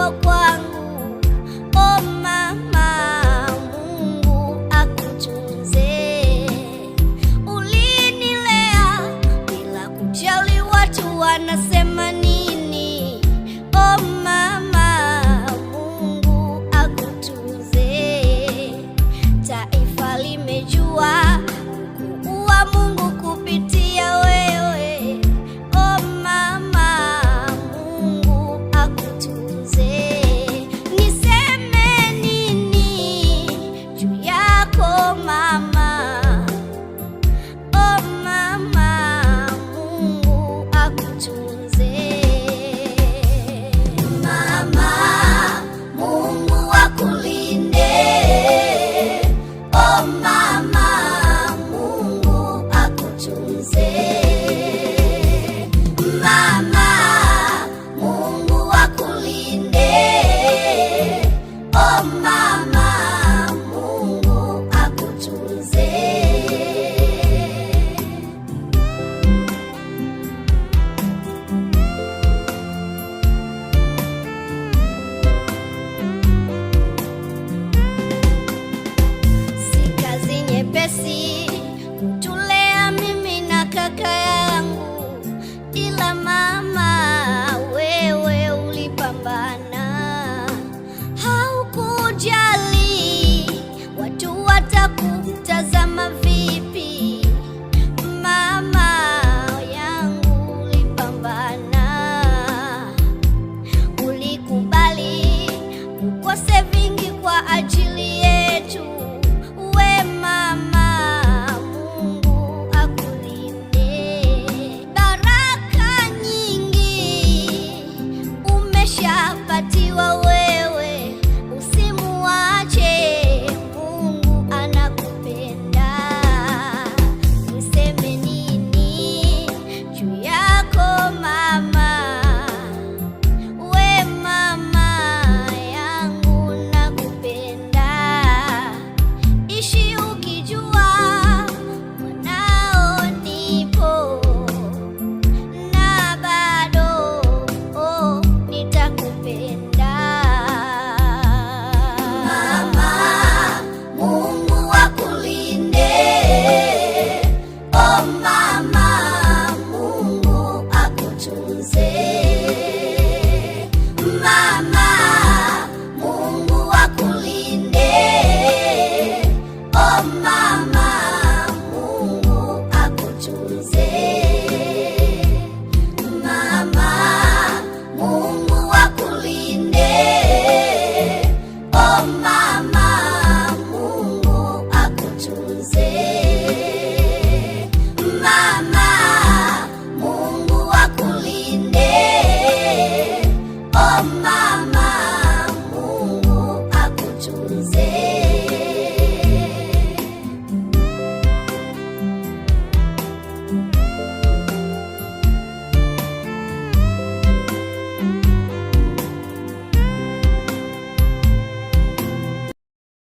ao quarto. nyepesi kutulea mimi na kaka yangu, ila mama wewe ulipambana, haukujali watu watakutazama. się wpadziło łyżkę